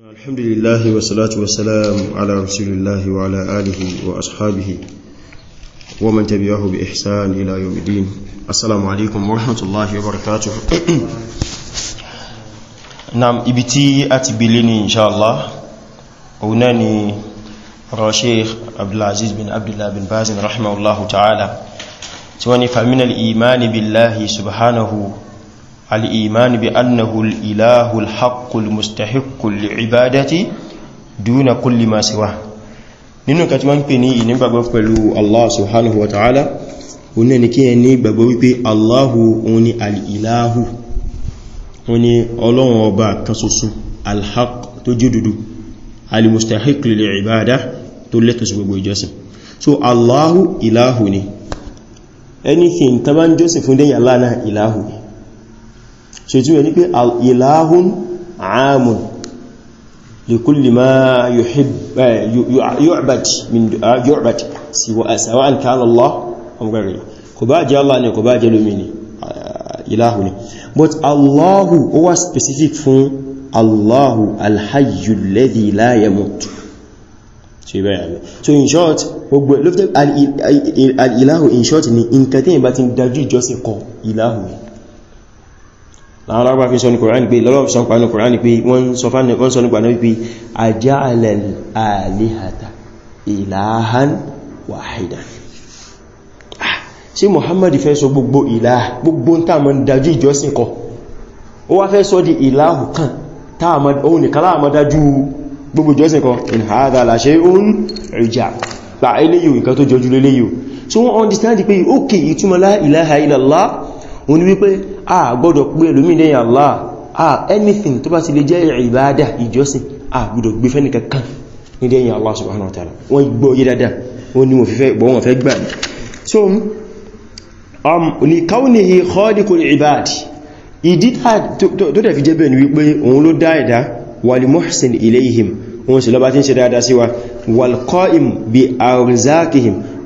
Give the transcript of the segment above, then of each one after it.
الحمد لله والصلاة والسلام على رسول الله وعلى آله وأصحابه ومن تبعه بإحسان إلى يوم الدين السلام عليكم ورحمة الله وبركاته نعم إبتي أتبليني إن شاء الله أوناني رشيخ عبد العزيز بن عبد الله بن باز رحمه الله تعالى سواني فمن الإيمان بالله سبحانه الإيمان بأنه الإله الحق المستحق لعبادة دون كل ما سواه nínú kan tí wọ́n ń pè ní ìnígbàgbọ́ pẹ̀lú Allah subhanahu wa ta'ala oní ẹni kí ẹ ní gbàgbọ́ wípé Allahu oní al'ilahu oní ọlọ́run ọba kan alhaq tó jí dúdú alimustahiq lil ibada tó lẹ́tọ̀ gbogbo ìjọsìn so Allahu ilahu ni anything tàbá ń jọ́sìn fún dẹ́yìn Allah ilahu ni so tí ó yẹ ní pé ìlàhún àmùn likulli ma yu'bad sawa an kana Allah ọmọgbẹ̀rẹ̀ kò bá jẹ́ Allah ni kò bá jẹ́ lómi ni ìlàhù ni but Allahu ó wá specific fún Allahu alhayyul ladhi la yamut ṣe bẹ́yà so in short gbogbo lóftẹ́ al in short ni in kàtíyàn bá ti dájú ìjọsìn láwọn lágbà fi sọ ní kòrán pé lọ́wọ́ sọ pàánù kòrán pé wọ́n sọ nípa náà wípé aja'ala al-alihata ilahan wahidan sí ah, Muhammad fẹ́ sọ gbogbo ìlàhà gbogbo tá mọ́ dájú ìjọsìn kọ ó wá fẹ́ sọ di ìlàhù kan táwọn nìkan láàmọ́ dájú gbogbo ìjọsìn kọ in hadha la shay'un ijab pa eléyìí nǹkan tó jọjú léléyìí so wọ́n understand pé òun ni wípé a gbọ́dọ̀ pé ẹlòmí lẹ́yìn Allah a anything tó bá ti lè jẹ́ ìbádà ìjọsìn a gbọ́dọ̀ gbé fẹ́ nìkankan ní lẹ́yìn Allah subhanahu wa ta'ala wọ́n gbọ́ yí dáadáa wọ́n ni wọ́n fẹ́ gbà so um, li kaunihi khaliqul ibad ìdí tó dẹ̀ fi jẹ́ bẹ́ẹ̀ ni wípé òun ló dá ẹ̀dá wal muhsin ilayhim òun sì lọ́ba tí ń ṣe dáadáa sí wa wal qa'im bi arzakihim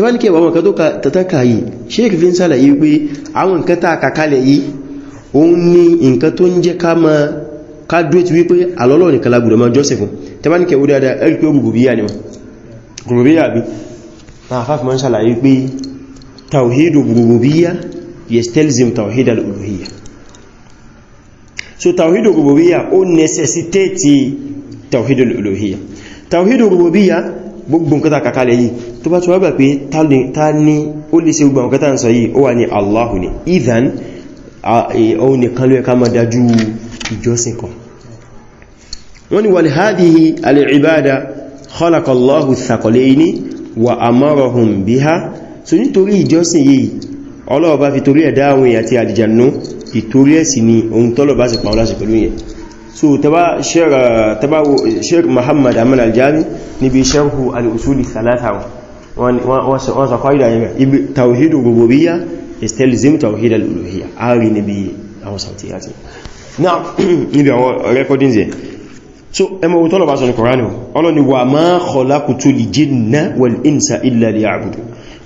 tẹ́bá ní kí àwọn nǹkan tó tàtàkà yìí sheik fi ń sàlàyé wípé àwọn nǹkan tàà kàkálẹ̀ yìí òun ni nǹkan tó ń jẹ́ ká ma kádúrétì wípé alọ́lọ́ nìkan lágbùdọ̀ ma jọ́sẹ̀ fún tẹ́bá ní kẹwọ́ dáadáa ẹ̀rì pé rùbùbíyà tawhidu rùbùbíyà yestelzim tawhid al so tawhid rùbùbíyà ó necessitate tawhid al-uluhiyya gbogbo nǹkan tá kàkálẹ̀ yìí tó bá tún wá gbà pé ta ní ó lè ṣe gbogbo nǹkan tá ń sọ yìí ó wà ní Allahu ni idhan e, òun nìkan ló yẹ ká máa dájú ìjọsìn kan wọ́n ni wà ní hadhihi al-ibada wa amarahum biha so nítorí ìjọsìn yìí Ọlọ́run bá fi torí ẹ̀dá àwọn èèyàn àti àlìjànú ni ohun tọ́lọ̀ bá sì pàwọn láṣẹ pẹ̀lú yẹn so taba sheik uh, muhammad amin aljami níbi sharhu al'usuli thalatha wọ́n sa kọ́ ìdáyẹ̀ ibi tawhidu rububiyya istelzim tawhid al'uluhiyya ari níbi àwọn sautiyati na níbi àwọn recordings yẹ so ẹmọ ohun tọ́lọ̀ bá sọ ní koranu ọlọ́ ni wa ma khalaqtu li jinna wal insa illa liya'budu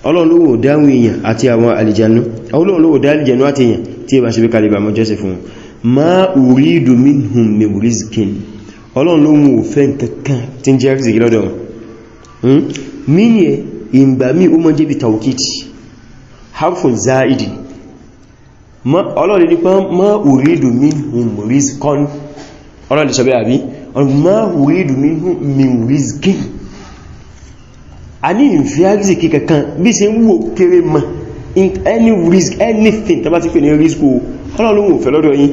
ọlọ́run ló wò dáwọn èèyàn àti àwọn àlìjànú ọlọ́run ló wò dá àlìjànú àti èèyàn tí ẹ bá ṣe bí kalibà mọ́ jọ́sẹ̀ ma uridu minhum min rizqin ọlọ́run ló mú òfẹ́ kankan tí ń jẹ́ rizqi lọ́dọ̀ mini hmm? ẹ ìgbà mí o mọ́ jẹ́ bí tàwọkìtì harfun za'idi ọlọ́run nípa ma uridu minhum rizqin ọlọ́run sọ bẹ́ àbí ma uridu minhum min rizqin a ní ìfẹ́ rizqi kankan bí ṣe ń wò kéré ma in any risk anything tàbátí pè ní risk o ọlọ́run ló mú lọ́dọ̀ yìí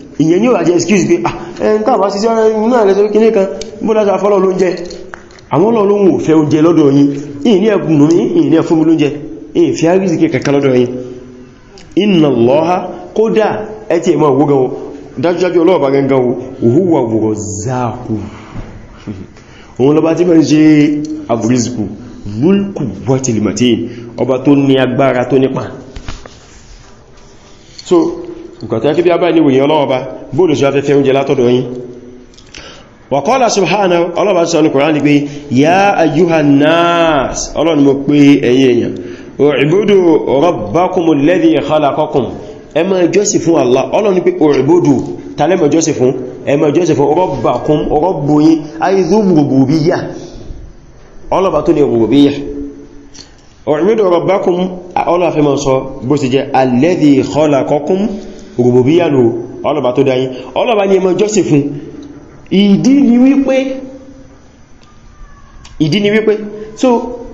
ìyẹn ní òwàjẹ́ excuse pé ah, ẹn tàbá sí sẹ́rẹ̀ iná ẹ̀lẹ́sọ́ kí ní kan bólájá fọ́lọ̀ ló ń jẹ àwọn ọlọ́run ò fẹ́ oúnjẹ lọ́dọ̀ yín ìní ẹ̀bùn mi ìní ẹ̀fún mi lóúnjẹ ìfẹ́ àríṣìkẹ́ kankan lọ́dọ̀ yín inna Allaha kódà ẹ ti o dájúdájú ọlọ́ọ̀bá gangan o huwa wùrọ̀záàkù òun lọba tí mẹ́rin ṣe àbúrísìkù lúlùkù wọ́tìlìmọ̀tí ọba tó ní agbára tó nípa so ìkọ̀tẹ́ kí bí a bá ní wòyìn ọlọ́wọ́ bá bóòlù sí afẹ́fẹ́ oúnjẹ látọ̀dọ̀ yìí wa qala subhanahu ọlọ́bà sọ ní kòrán ní pé ya ayyuhan nas ọlọ́ni mo pé ẹ̀yin èèyàn u'budu rabbakumul ladhi khalaqakum ẹ máa jọ́sìn fún Allah ọlọ́ni pé u'budu tàlẹ́ máa jọ́sìn fún ẹ máa jọ́sìn fún rabbakum rabbu yín aizum rububiyya ọlọ́bà sọ bó ti jẹ́ alladhi khalaqakum rùbùbíyà nù ọlọ́ba tó dáyín ọlọ́ba ni ẹ máa jọ́sìn fún ìdí ni wípé so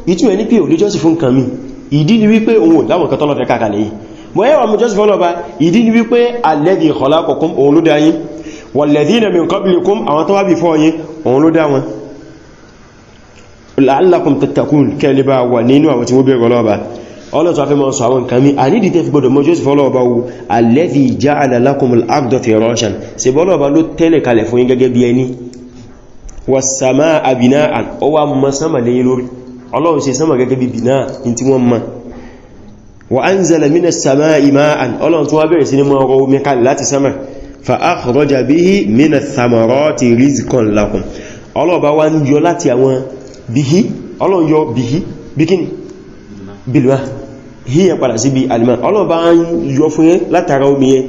ìtumọ̀ ní pé ò lè jọ́sìn fún nǹkan mi ìdí ni wípé òun láwọn kan tọ́lọ̀fẹ́ kàkàlẹ̀ yìí mọ̀ ẹwà mú jọ́sìn fọ́lọ̀bá ìdí ni wípé alladhi khalaqakum òun ló dá yín walladhina min qablikum àwọn tó wá bí fọ́ yín òun ló dá wọn la'allakum tattaqun kẹ́lẹ́bà wà nínú àwọn ọlọ́tọ̀ afẹ́ mọ́ sọ àwọn nǹkan mi a nídi tẹ́ fi gbọdọ̀ mọ́ joseph ọlọ́ọ̀bá wo alladhi ja'ala lakumul arda firashan ṣe bọ́lọ́ọ̀bá ló tẹ́lẹ̀ kalẹ̀ fún yín gẹ́gẹ́ bí ẹni was-samaa bina'an ó wá mọ́ sánmà lẹ́yìn lórí ọlọ́run ṣe sánmà gẹ́gẹ́ bí bìnà ní tí wọ́n mọ́ wa anzala minas samaa'i ma'an ọlọ́run tún wá bẹ̀rẹ̀ sí ní mọ́ ọrọ̀ omi kalẹ̀ láti ọlọ́ọ̀bá wá ń yọ láti àwọn bihi ọlọ́run yọ bihi bikini híyàn padà síbi alìmọ̀ ọlọ́ọ̀bá ń yọ fún yẹn látara omi yẹn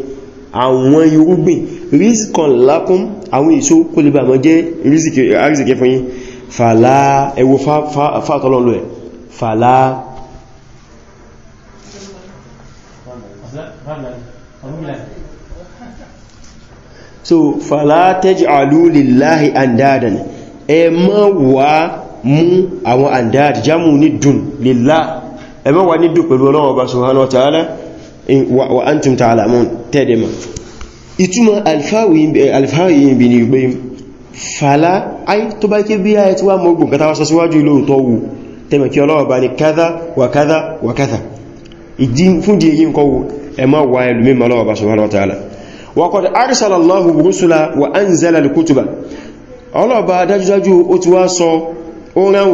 àwọn irúgbìn rízikọ̀n lákún àwọn èso kó lè bà mọ́ jẹ́ rízikẹ̀ fún yín fàlá ẹwọ fàtọ́lọ́lọ́ ẹ̀ fàlá so fàlá taj'alu lillahi andadan ẹ má wá mú àwọn andad jámù ní dùn lillah ẹ má wà ní dù pẹ̀lú Ọlọ́run Ọba subhanahu wa ta'ala wa antum ta'lamun tẹ́dẹ̀ ma ìtumọ̀ alfáwìyìn bí ní gbé fàlá ay tó bá kí bí ayẹ tí wá mọ́ gùn kátàwà sọ́síwájú ilé òtọ́ wù tẹ́mẹ̀kí wà kádà wà kádà ìdí mọ́ Ọlọ́run Ọba subhanahu wa dájúdájú ó ti wá sọ ó rán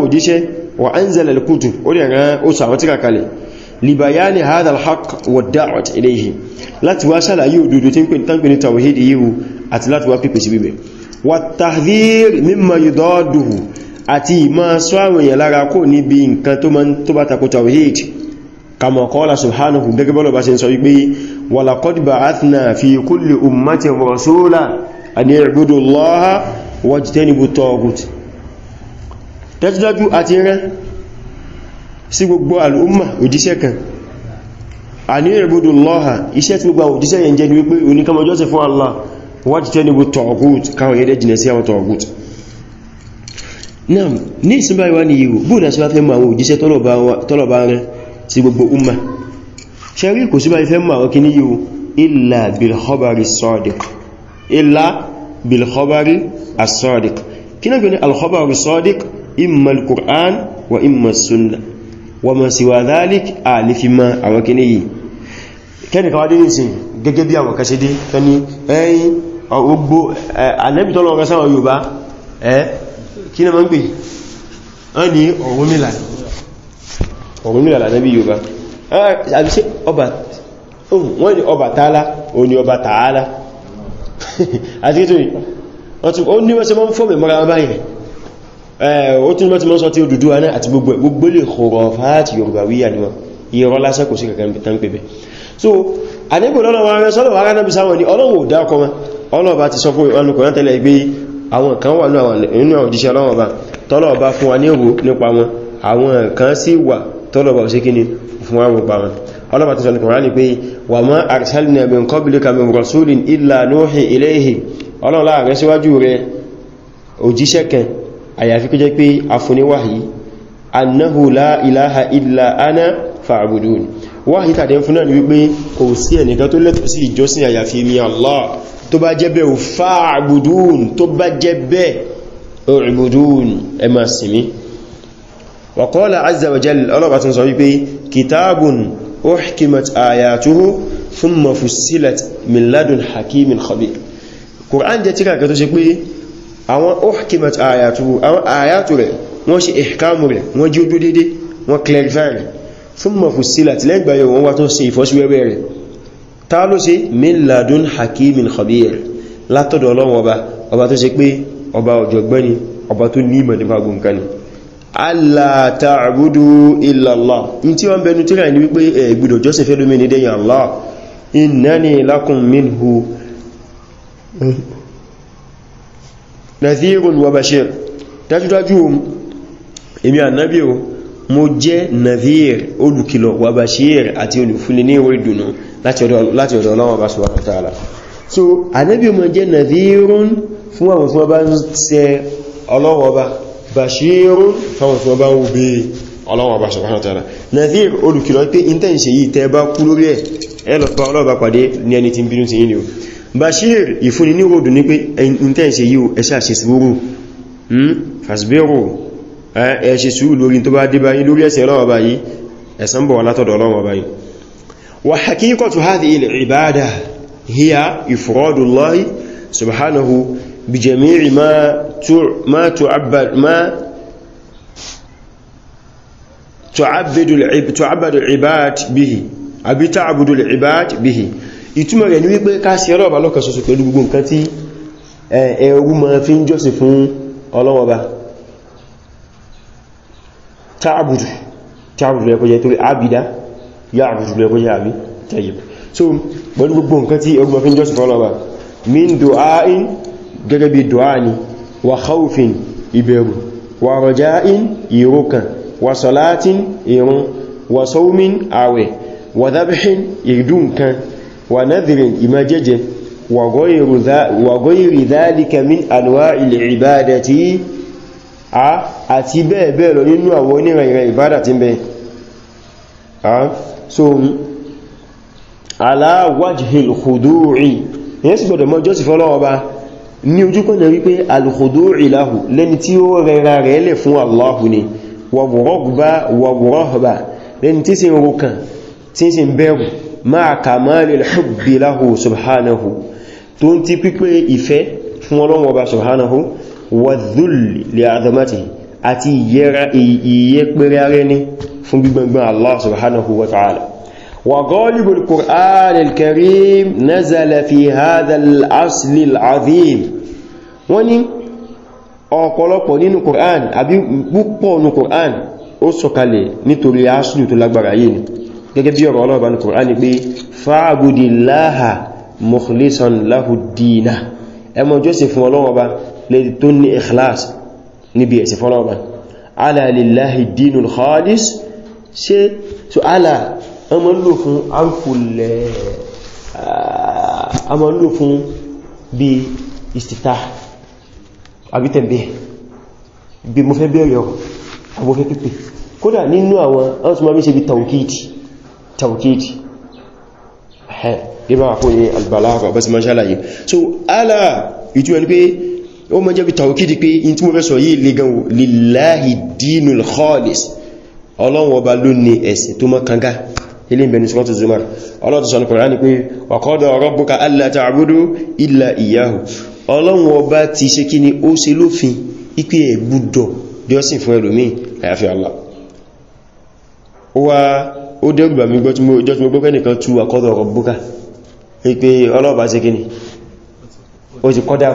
wa anzala al-kutub ó dẹ̀ rán ó sàwọn tí kàkalẹ̀ libayani hadha al-haqq wa da'wat ilayhi láti wá ṣàlàyé òdodo tí ń pè tán pè ní tawhid yíwu àti láti wá pèpè sí bíbẹ̀ wa tahdhir mimma yudaduhu àti ìmá sọ àwọn èèyàn lára kò níbi nǹkan tó máa tó bá tako tawhid kama qala subhanahu gẹ́gẹ́ bọ́lọ̀ bá ṣe ń sọ wa laqad ba'athna fi kulli ummatin rasula an i'budu allaha wajtanibu at dájúdájú àti rán sí gbogbo al'umma òjíṣẹ́ kan a ní ìrìnbodò lọ́ha iṣẹ́ tí gbogbo òjíṣẹ́ yẹn jẹ́ ni wípé oníkamọjọ́sẹ̀ fún Allah wájú tẹ́ níbo tọ̀ọ̀gùt káwọn yẹ́dẹ́ jìnà sí àwọn tọ̀ọ̀gùt náà ní ìsinmi wa ni yíò bóòdá sí wá fẹ́ mọ̀ àwọn òjíṣẹ́ tọ́lọ̀bá rẹ̀ sí gbogbo umma ṣẹ́rí kò sí bá ifẹ́ mọ̀ àwọn kìíní sadiq illa bilhobari asadiq kí náà gbẹ̀rẹ̀ sadiq imma al-Qur'an wa imma sunna wa ma siwa dhalik a lè fi ma àwọn kíní yìí kẹ́ni kawá dé nìsìn gẹ́gẹ́ bí àwọn kàṣẹ́dé kẹni ẹ̀yìn ọgbogbo anẹ́bìtọ́lọ ọ̀rẹ́ sáwọn Yorùbá ẹ́ kí na ma ń pè ọ́n ni Ọ̀rúnmìlà Ọ̀rúnmìlà lànẹ́bì Yorùbá àbíṣẹ́ ọba wọ́n ni ọba tààlá o ọba tààlá àti kí tó ní Eh, ó tún mọ́ tí mọ́ sọ tí ó dúdú aná àti gbogbo lè khurafat yorùbá wíyà ni wọ́n ìrọ́ lásán kò sí kankan tán pẹ̀bẹ̀ so àníbò lọ́nà wọn rẹ sọ́lọ̀ ara náà bí sáwọn ni ọlọ́run ò dákọ wọn ọlọ́run bá ti sọ fún ọnù kòrán tẹ́lẹ̀ gbé àwọn kan wà nínú àwọn òjíṣẹ́ ọlọ́run bá tọ́lọ̀ bá fún wa ní èrò nípa wọn àwọn kan sì wà tọ́lọ̀ bá sí kíni fún wa nípa wọn ọlọ́run ti sọ ní kòrán ni pé wa ma arsalna min qablika min rasulin illa nuhi ilayhi ọlọ́run láàrin síwájú rẹ òjíṣẹ́ kan àyàfi kó jẹ́ pé afúniwáhí annahu la ilaha illa ana fa'budun wáhí tàdé fún náà ni wípé kò sí ẹnìkan tó lẹ́tọ̀ọ́ sí ìjọsìn àyàfi mi Allah tó bá jẹ́ bẹ́ẹ̀ fa'budun tó bá jẹ́ bẹ́ẹ̀ ọ̀rìbùdún ẹ máa sinmi wa qala azza wa jalla ọlọ́bàá tún sọ wípé kitabun uhkimat ayatuhu thumma fussilat min ladun hakimin khabir Qur'an jẹ́ tíra kan tó ṣe pé àwọn ohkimat ayatu àwọn ayatu rẹ̀ wọ́n ṣe ihkamu rẹ̀ wọ́n jí ojú dédé wọ́n clarify rẹ̀ thumma fussilat lẹ́gbàyọ̀ wọ́n wá tó ṣe ìfọ́síwẹ́wẹ́ rẹ̀ ta ló ṣe min ladun hakimin khabir látọ̀dọ̀ ọlọ́run ọba ọba tó ṣe pé ọba ọ̀jọ̀gbẹ́ni ọba tó ní ìmọ̀ nípa gbogbo nǹkan alla ta'budu illa Allah in tí wọ́n bẹnu tíra ní wípé ẹ̀gbùdọ̀ nathirun wa bashir dájúdájú èmi ànábì o mo jẹ́ nathir olùkìlọ̀ wa bashir àti olùfúnni ní orí dùnú láti ọ̀dọ̀ ọlọ́wọ́ bá subhanahu wa ta'ala so ànábì mo jẹ́ nathirun fún àwọn tí wọ́n bá ń ṣe ọlọ́wọ́ bá bashirun fáwọn tí wọ́n bá ń wo bí ọlọ́wọ́ bá subhanahu wa ta'ala nathir bashir ìfúnni ní ròdù ní pé intense yíò ẹ̀ṣẹ́ àṣẹ sùúrù hmm? fasbero ẹ̀ṣẹ́ sùúrù lórí tó bá dé báyí lórí ẹ̀ṣẹ̀ ọlọ́wọ́ báyí ẹ̀san bọ̀ látọ̀dọ̀ ọlọ́wọ́ báyí wa haqiqatu hadhihi al-ibada hiya ifradu Allahi subhanahu bi jami'i ma tu'abbad ma tu'abbadu al-ibad bihi abi ìtumọ̀ rẹ̀ ní wípé ká sí ọlọ́ọ̀bá lọ́kan ṣoṣo pẹ̀lú gbogbo nǹkan tí ẹ̀rú ma fi ń jọ́sìn fún ọlọ́wọ́ba ta'budu ta'budu lẹ́kọ́ jẹ́ torí abida ya'budu lẹ́kọ́ so pẹ̀lú gbogbo nǹkan tí ẹ̀rú ma fi ń jọ́sìn fún ọlọ́wọ́ba min du'ain gẹ́gẹ́ bí du'ani wa khawfin ìbẹ̀rù wa rajain ìrókan kan wa nadhirin ima jeje wa goyiri dhalika min anwa ilẹ̀ ibada ti a àti bẹ́ẹ̀ bẹ́ẹ̀ lọ nínú àwọn onírànràn ibada ti bẹ so ala wajhil khudu'i yẹn sì gbọdọ̀ mọ́ jọ́sì fọ́lọ́wọ́ bá ní ojúkọ́nà wípé al lahu lẹ́ni tí ó rẹra rẹ̀ lẹ̀ fún Allahu ni wa burghaba wa tí sì ń tí sì bẹ̀rù máa kàmáàlì hubbi lahu subhanahu tó ń ti pípé ìfẹ́ fún Ọlọ́run Ọba subhanahu wà dhulli li azamatihi àti ìyẹ́pẹ̀rẹ̀ arẹ́ ní fún gbígbẹ̀gbẹ̀ Allah subhanahu wa ta'ala wa ghalibu al-Qur'an al-Karim nazala fi hadha al-asli al-azim wọ́n ní ọ̀pọ̀lọpọ̀ nínú Qur'an gẹ́gẹ́ bí ọ̀rọ̀ ọlọ́ọ̀bá ní kùrán ni pé fa'abudillaha mukhlisan lahu dina ẹmọ jọ́sìn fún ọlọ́ọ̀bá lè tó ní ikhlas níbi ẹ̀sìn fún ọlọ́ọ̀bá ala lillahi dinul khalis ṣe so ala ọmọ lò fún arfulẹ̀ ọmọ eh, lò fún bí istita abitẹ̀bẹ̀ bí mo fẹ́ kódà nínú àwọn ọ̀tún ma bí ṣe bí tàwùkìtì tawkiti ibá àkó ní albalaga bá ti máa ṣàlàyé so ala ìtú ẹni pé ó máa jẹ́ bí tawkiti pé in tí mo fẹ́ sọ yìí lè gan lillahi dinul khalis ọlọ́run ọba ló ní ẹ̀sìn tó mọ́ kanga ilé ìbẹni sọ́rọ̀ tó zumar ọlọ́run sọ ní Kùránì pé wa qada rabbuka ó dẹ́gbà mi jọ́ tí mo gbọ́gbẹ́ nìkan tú àkọ́dọ̀ ọ̀rọ̀ búkà wípé ọlọ́ọ̀bá sí kíni ó ti kọ́dá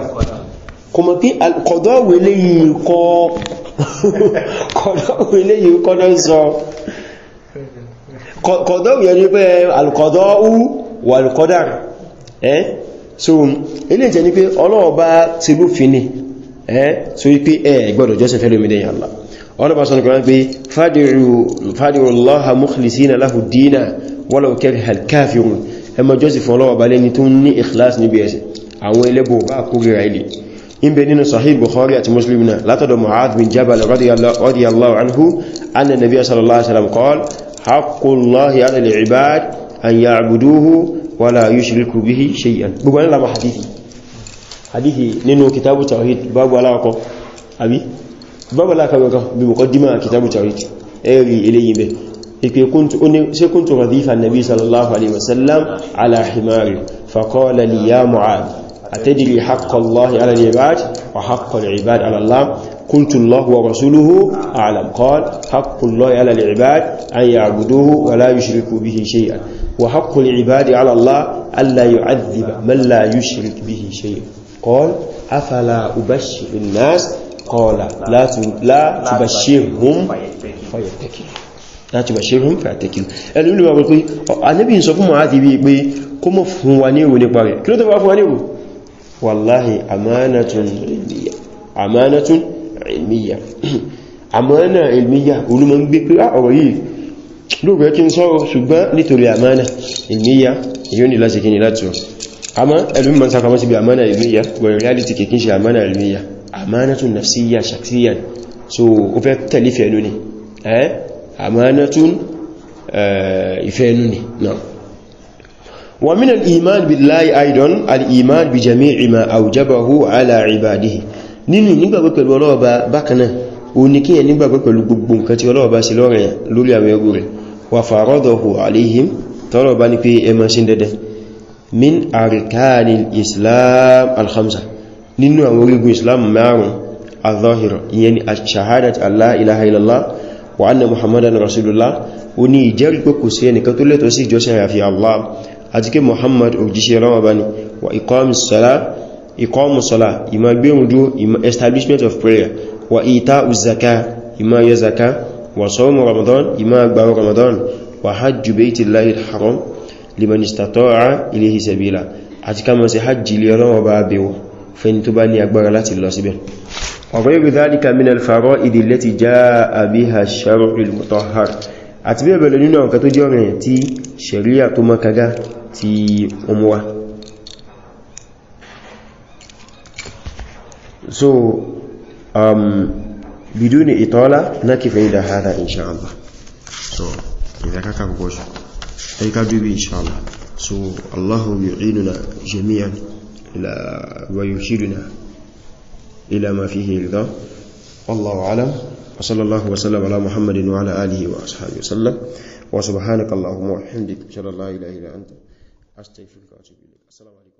kò mọ̀ pé kọ̀dọ̀wé léyìn kọ́dọ̀ sọ kọ̀dọ̀wé ẹni pé alùkọ̀dọ̀ ú wà alùkọ́dà ẹ́ so ilé ìjẹ́ ni pé ọlọ́ọ̀bá ti lófin ni ẹ́ so wípé ẹ gbọ́dọ̀ jọ́sìn fẹ́lómìnira ọlọ́bà sọ nìkan pé fàdíru Allaha mukhlisina lahu dínà walau kariha al-kafirun ẹmọ jọ́sì fún ọlọ́wà balẹ̀ ni tó ń ní ikhlas níbi ẹ̀sẹ̀ àwọn ẹlẹ́bọ̀ bá kúrìrà ilẹ̀ in bẹ nínú sahih Bukhari àti Muslim na látọ̀dọ̀ Mu'adh bin Jabal radiyallahu anhu anna nabiyya sallallahu alaihi wasallam qala haqqullahi 'ala al-'ibad an ya'buduhu wa la yushriku bihi shay'an gbogbo ní lama hadithi hadithi nínú kitabu tawhid babu aláwọ̀kọ́ abi baba la bí kan kọ́dí máa kitabu tawhid eri ilé yìí be ipe kuntu radífà nabi sallallahu alaihi wasallam ala fàkọ́lá lè ya mọ̀ atadri haqqa allahi kọ́ọ̀lá látùbàṣírùn fàyàtẹ̀kì ẹni olùwà pẹ̀lú anábì ń sọ fún ma'á ti bí pé kó mọ̀ fún wa ní ìwò nípa rẹ̀ kí ló tó bá fún wa ní ìwò wàláhì amánatún ilmiya amánà ilmiya olùmọ̀ ń gbé pé ah, ọ̀rọ̀ yìí lóòrẹ́ kí n sọ̀rọ̀ ṣùgbọ́n nítorí amánà ilmiya yóò ní láti kí ni láti rọ̀ àmọ́ ẹlùmí mọ́ sakamọ́ sí bí amánà ilmiya wọ̀rẹ̀ reality kìí ṣe amánà ilmiya àmánàtún nafsíyà ṣàkíyà so ó fẹ́ tẹ̀lé ìfẹ́ ẹnu ni ẹ́ àmánàtún eh, ìfẹ́ ẹnu ni náà wa min al-iman billahi aidan al-iman bi jami'i ma awjabahu ala ibadihi nínú nígbàgbọ́ pẹ̀lú ọlọ́ọ̀bá bákanáà o ní kíyàn nígbàgbọ́ pẹ̀lú gbogbo nǹkan tí ọlọ́ọ̀bá sí lọ́rẹ̀ lórí àwọn ẹrú rẹ̀ wà min arkanil islam al-khamsa nínú àwọn orígun islam márùn azọ́hìr ìyẹn ni aṣahadat allah ilaha illallah wa anna muhammadan rasulullah ó ní ìjẹ́rìí pé kò sí ẹnìkan tó lẹ́tọ̀ọ́ sí ìjọsìn àyàfi allah àti kí muhammad òjíṣẹ́ rọ́wọ́bá wa iqamus establishment of prayer wa ita'uz zakah ìmá yọ zaka wa sawmu ramadan ìmá gbàrọ ramadan wa hajju baytillahi al-haram liman istata'a ilayhi sabila àti ká sí hajji ilé ọlọ́wọ́ bá bẹ̀wọ̀ fẹ́ni tó bá ní agbára láti lọ síbẹ̀ وغير ذلك من الفرائض التي جاء بها الشرع المطهر àti bẹ́ẹ̀ bẹ̀rẹ̀ nínú ọ̀kan tó jẹ́ ọ̀rẹ̀ tí ṣẹ̀ríà tó mọ́kagá ti ọmọwá so um, بدون إطالة نكف عند هذا إن شاء الله so إذا كاكا بقوش أي كابيبي إن شاء الله so الله يعيننا جميعا إلى ويشيرنا إلى ما فيه رضا والله أعلم وصلى الله وسلم على محمد وعلى آله وأصحابه وسلم وسبحانك اللهم وبحمدك أشهد أن لا إله إلا أنت أستغفرك وأتوب إليك السلام عليكم